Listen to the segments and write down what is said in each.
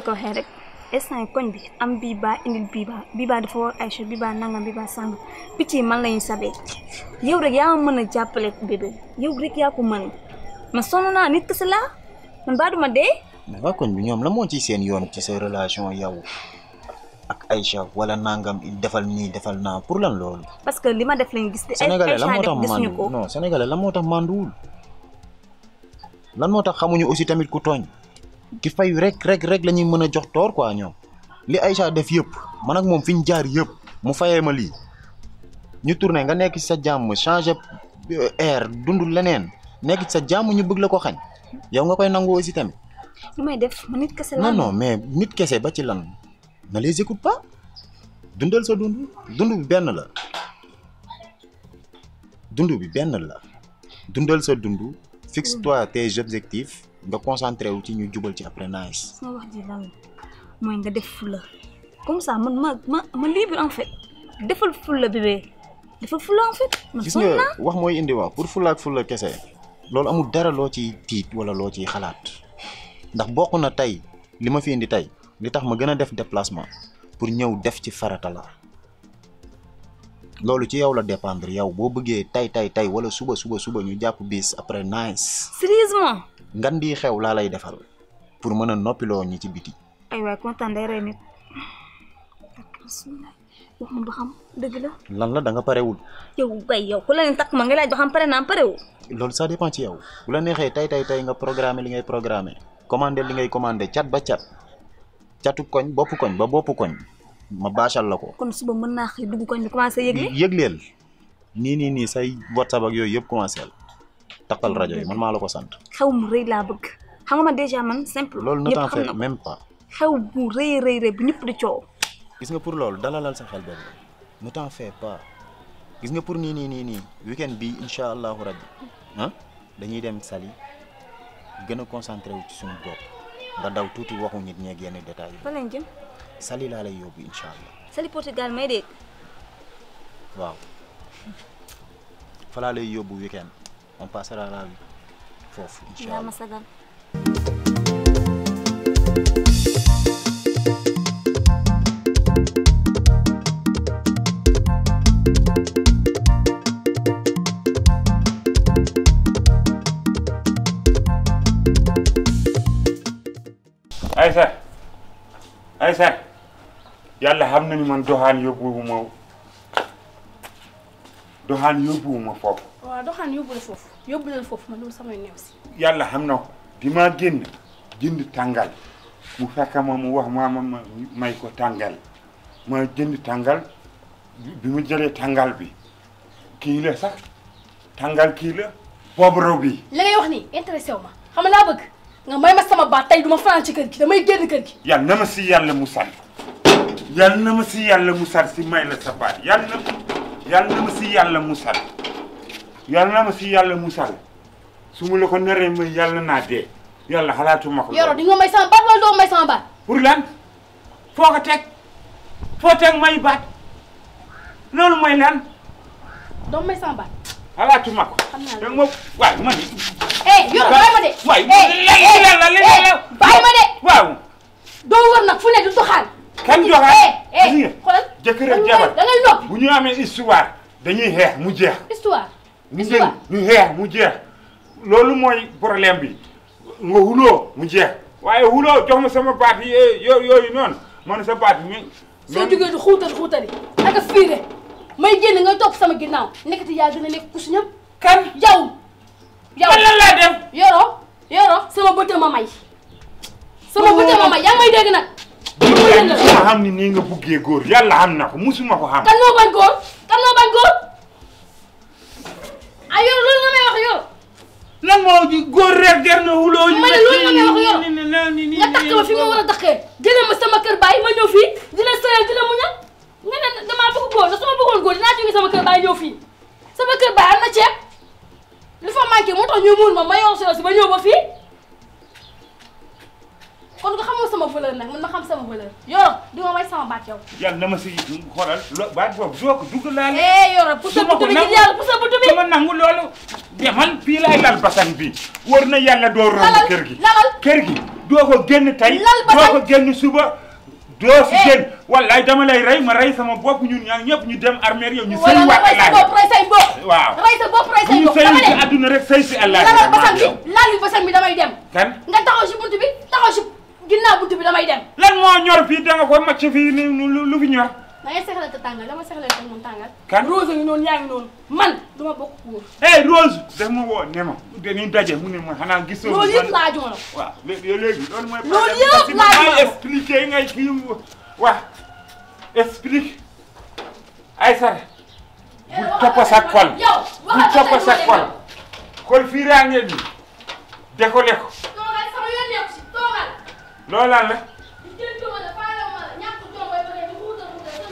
la ko waxee rek instant koñ bi am bii baa indil bii baa bii baa dafa war Aïcha bii baa nangam bii baa sàngam picc yi man lañu sabee yow rek yaa ma mën a jàppale bébé yow rek yaa ko mën ma sonn naa nit laa man baa duma dee. mais koñ bi ñoom la moo ci seen yoon ci sa relation yow ak ay Aïcha wala nangam defal nii defal naa pour lan loolu. parce que li ma def lañ gis. te Aïcha def gisuñu ko non Sénégalais la moo tax manduwul lan moo tax xamuñu aussi tamit ku tooñ. ki fay rek rek rek la ñuy mën a jox toor quoi ñoom li Aïcha def yëpp man ak moom fi ñu jaar yëpp mu fayee ma lii ñu tourné nga nekk ci sa jàmm changé euh, air dundu leneen nekk sa jàmm ñu bugg la ko xañ yow nga koy nangu aussi tamit. li def nit kese mais nit kese ba ci lan na les écoute pas dundal sa dund dundu bi benn la dund bi benn la dundal sa dund fixe-toi tes objectifs. nga concentré wu ci ñu jubal ci après nice. sama wax ji mooy nga def fula comme ça man ma ma ma libre en fait defal fula bébé defal fula en fait. gis nga wax mooy indi waaw pour fula ak fula kese loolu amul dara loo ciy tiit wala loo ciy xalaat ndax bokk na tey li ma fi indi tey li tax ma gën a def déplacement pour ñëw def ci farata la. loolu ci yow la dépendre yow boo bëggee tay tay tay wala suba suba suba ñu jàpp bis après nice. sérieusement. ngan di xew laa lay defal pour mën a noppiloo ñu ci biti. aywa kontaan la. lan la da nga parewul. yow bay yow ku la ne naa parewul. loolu ça dépend ci yow. bu la neexee tay tay tay nga programmer li ngay programmer. commander li ngay commander cat ba cat. catu koñ bopp koñ ba bopp koñ. ma baachal la ko. kon suba mën naa xëy dugg ko ñu commencé yëgle. yëgleel nii nii nii say WhatsApp ak yooyu yëpp commencé la taqal rajo yi man maa la ko sant. xew mu rëy laa bëgg xam nga man déjà man simple. loolu ne t'en fais même pas. xew bu rëy rëy rëy bu di coow. gis nga pour loolu dalalal sa xel boobu ne t'en fais pas gis nga pour nii nii nii nii weekend bi incha allahu rabbi dañuy dem Saly gën a concentré wu ci suñu bopp nga daw tuuti waxu nit ñeeg yenn détails yi. Saly laa lay yóbbu incha allah. Saly Portugal may dégg. waaw fa laa lay yóbbu weekend on passera la vie foofu allah. Aïssa yàlla xam na ni man doxaan yóbbuwuma doxaan yóbbuwuma foofu. waaw doxaan yóbbu la foofu yóbbu la foofu man loolu samay néew si. yàlla xam na ko dimaa génn jënd tàngal mu fekk ma mu wax ma ma may ko tàngal ma jënd tàngal bi mu jëlee tàngal bi kii la sax tàngal kii la poobaro bi. li ngay wax nii intéressé wu ma xam laa bëgg nga may ma sama baat tey du ma fanaan ci kër gi damay génn kër gi. yàlla na ma si yàlla mu sànni. yàlla na ma si yàlla musal si may la sa baat yàlla na na ma si yàlla musal yàlla na ma si yàlla musal su la ko naree may yàlla naa dee yàlla xalaatuma ko. yoroo di may sama baat wala doo may sama baat. pour lan foo ko teg foo teg may baat loolu mooy lan. doo may sama baat. xalaatuma ko. xam naa la eh, ma de. waay léegi eh, la la léegi la. Eh, bàyyi ma doo wër nag fu ne du doxaan. kan joxaat eh, eh, gis nga jabar da ngay bu ñu amee histoire dañuy xeex mu jeex. histoire ñu dégg ñu mu jeex. loolu mooy problème bi nga wuloo mu jeex waaye wuloo jox ma sama baat yi eh, yooyu noonu man sa baat mi. soo jugee di xuutali xuutali naka fiire may génn nga toog sama ginnaaw nekkati yaa gën a nekk kusu ñëpp. kan yow. yow lan laa def. yoroo yoroo sama bëte ma may. sama oh. bëte ma nag. yàlla xam ni nii nga buggee góor yàlla am na ko musuma ko xam. kan moo bañ góor kan moo bañ góor ay yow loolu nga may wax yow. lan moo ji góor rek na wuloo. ma ne loolu nga may wax yow nga takk ma fi ma war a takkee. jëlee ma sama kër baay ma ñëw fii dina sëyal dina muñal nga ne damaa bëgg góor da su ma bëggoon góor dinaa jógee sama kër baay ñëw fii sama kër baay am ceeb li fa manqué moo tax ñu muul ma ma yow si ba ñëw kon nga xamoo sama valeur nag man ma xam sama valeur yoro di ma may sama baat yow. yàlla na ma si xoolal lo baat boobu soo ko dugg naa ne. Eh, yoro pour sa butu bi gis yàlla pour sa butu sama nangu loolu. demal fii laay lal basan bi war na yàlla door romb kër gi. lalal kër gi doo ko génn tey. lal basan doo ko génn suba. doo si eh. génn wallaay dama lay ma rey sama bopp ñun ñaar ñëpp ñu dem armeer yow ñu sëy waat rey sa bopp rey say bopp waaw rey sa bopp rey say ñu sëy si àdduna rek sëy si àllaahi lalal basan bi lalal ginnaaw buntu bi damay dem. lan moo ñor fii danga ko màcc fii lu lu fi ñor. da ngay sexlante tàngal dama sexlante moom tàngal. kan Rose ngi noonu yaa ngi noonu man du ma bokk góor. eh Rose. daf ma woo ne ma. dañuy daje mu ne ma xanaa gisoo. loolu yëpp laajuma la. waaw léegi loolu mooy. loolu yëpp laajuma la expliqué ngay kii wax explique ay sar eh, bu topp sa kol bu topp sa kol kol fii raa ngeen ni décollé ko. loolu lan la.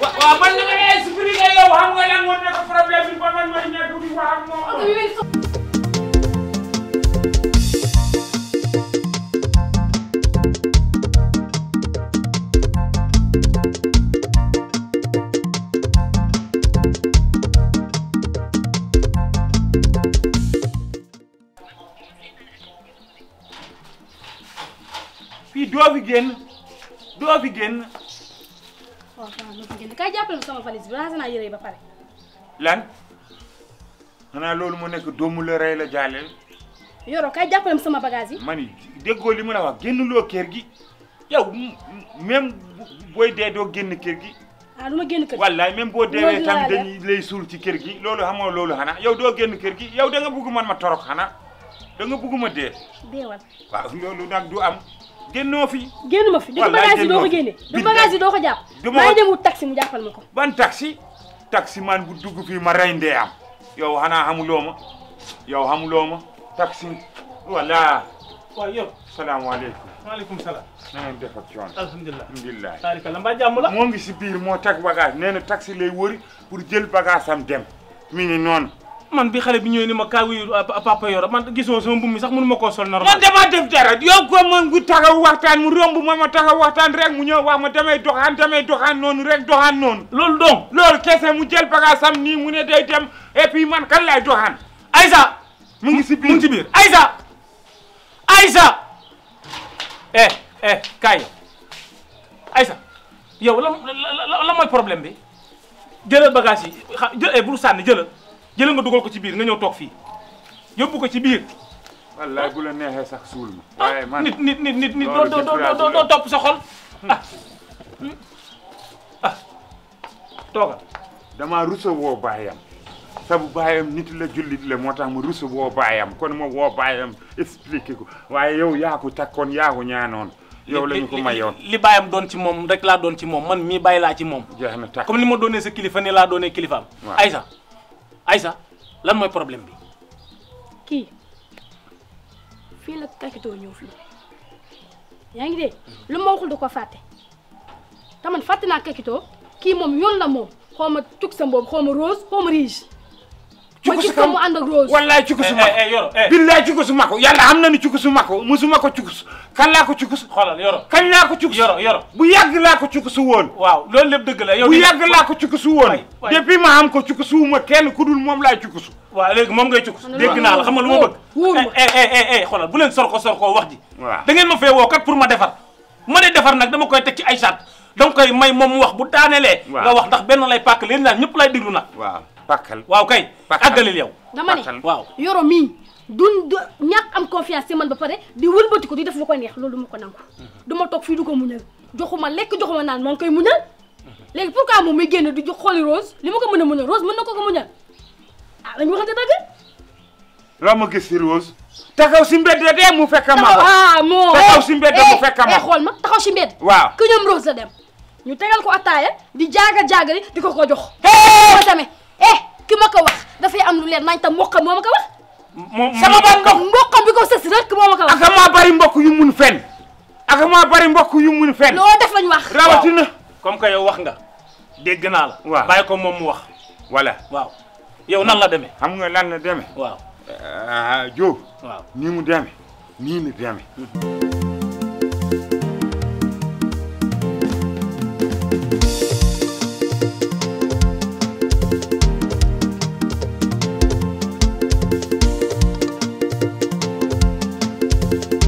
wa waaw man la nga expliqué yow xam nga ne amoon na ko problème bi ba man ma ñàkk di wax ak moom. doo fi génn doo fi génn. waaw oh, waaw doo fi valise bi raxas naa yére yi ba pare. lan xanaa loolu mu nekk doomu la rey la jaaleel. yoro kay jàppale sama bagage yi. man déggoo li ma la wa génn loo kër gi yow même booy dee doo génn kër gi. ah lu ma génn kër gi wallaay même boo deewee tam dañ lay suul ci kër gi loolu xamoo loolu xanaa yow doo génn kër gi yow danga nga bëgg man ma torok xanaa danga nga bëgg ma dee. deewal waaw loolu nag du am. génnoo fi. génn ma fi du bagage yi doo ko génne. du bagage yi doo ko jàpp. du ma dem wut taxi mu ko. ban taxi. taxi man bu dugg fii ma rey ndee am yow xanaa xamuloo ma yow xamuloo ma taxi voilà. waaw yow salaamaaleykum. maaleykum salaam. na ngeen def moo ngi si biir moo tag bagage nee na taxi lay wëri pour jël bagage am dem mi ngi noonu. man bi xale bi ñëwee ni ma kaa wuyu ah, papa Yoro man gisoo sama mbubb mi sax mënu ma koo sol normal. man dama def dara yow ko man gu taxaw waxtaan mu romb ma ma taxaw waxtaan rek mu ñëw wax ma damay doxaan noonu rek doxaan noonu. loolu donc loolu kese mu jël bagage sam nii mu ne day dem et puis man kan lay doxaan. Aïssa. mu ngi si biir mu ngi biir Aïssa. Aïssa. eh eh kaay Aïssa yow la la la mooy problème bi jëlal bagage yi xa jël eh, bul jëlal. jël nga dugal ko ci biir nga ñëw toog fii yóbbu ko ci biir. wallaay bu la neexee sax suul ma. Ah, waaye nit nit nit nit nit doo doo doo doo topp sa xol hmm. ah hmm. ah toogal. damaa rusa woo baayam sabu baayam nit la jullit la moo tax mu rusa woo baayam kon ma woo baayam expliqué ko waaye yow yaa ko takkoon yaa ko ñaanoon. yow la ñu ko mayoon li bàyyam doon ci moom rek laa doon ci moom man mii bàyyi laa ci moom. jeex na tàkk comme ni ma doonee sa kilifa ni laa doonee kilifaam. waaw ay sax Aïssa lan mooy problème bi. kii fii la Kakito ñëw fii yaa ngi dee mm-hmm. lu ma waxul da ko fàtte taman fàtte naa Kakito kii moom yoon la moom xaw ma tug sa mboobu xaw ma ma gis ko mu ànd ak Rose. wallaay cukusu mako eh, eh, eh, yoro billaay cukusu mako yàlla xam na ni cukusu mako musuma ko cukusu kan laa ko cukusu xoolal yoro kañ ko cukusu yoro yoro bu yàgg laa ko cukusu woon waaw loolu lépp dëgg la yow bu yàgg laa ko cukusu woon depuis ma am ko cukusuwuma kenn ku dul moom laay cukusu waaw léegi moom ngay cukusu dégg naa la xam nga lu ma bëgg wóoruma eh eh xoolal bu leen sorko sorko wax ji waaw da ngeen ma fee woo kat pour ma defar ma ne defar nag dama koy teg ci ay sat dama koy may moom mu wax bu daanelee nga wax ndax benn lay pàkk leen naa ñëpp lay déglu nag waaw pàkkal waaw kay. pàkkal àggalil yow. dama ne waaw yoro mii duñ ñàkk am confiance ci man ba pare di wëlbati ko di def lu ko neex loolu ma ko nangu. Mhm. du ma toog fii du ko muñal joxuma lekk joxuma naan maa ngi koy muñal mhm. léegi pourquoi moom muy génn di xooli Rose li ma ko mën a muñal Rose mën na ko ko muñal ah dañu waxante dëgg. loo ma gis si Rose. taxaw si mbedd de mu fekk ma ko ah moo taxaw si mbedd mu eh, fekk ma eh, xool ma taxaw waaw ku ñoom Rose la dem. ñu tegal ko attaaya di jaaga jaagali di ko ko jox. ba tamit. eh ki ma ko wax dafay am lu leer nañ tam mboqam moo ma ko wax. sama ban mbokk mboqam bi ko sës rek moo ma ko wax. ak maa bari mbokk yu mun fenn ak maa bari mbokk yu mun fenn. loo def lañ wax. rawatina comme que yow wax nga dégg naa la. waaw ko moom mu wax. voilà waaw yow nan la demee. xam nga lan la demee. waaw. Ah, Diouf. nii mu demee nii mu demee. Mm-hmm. thank you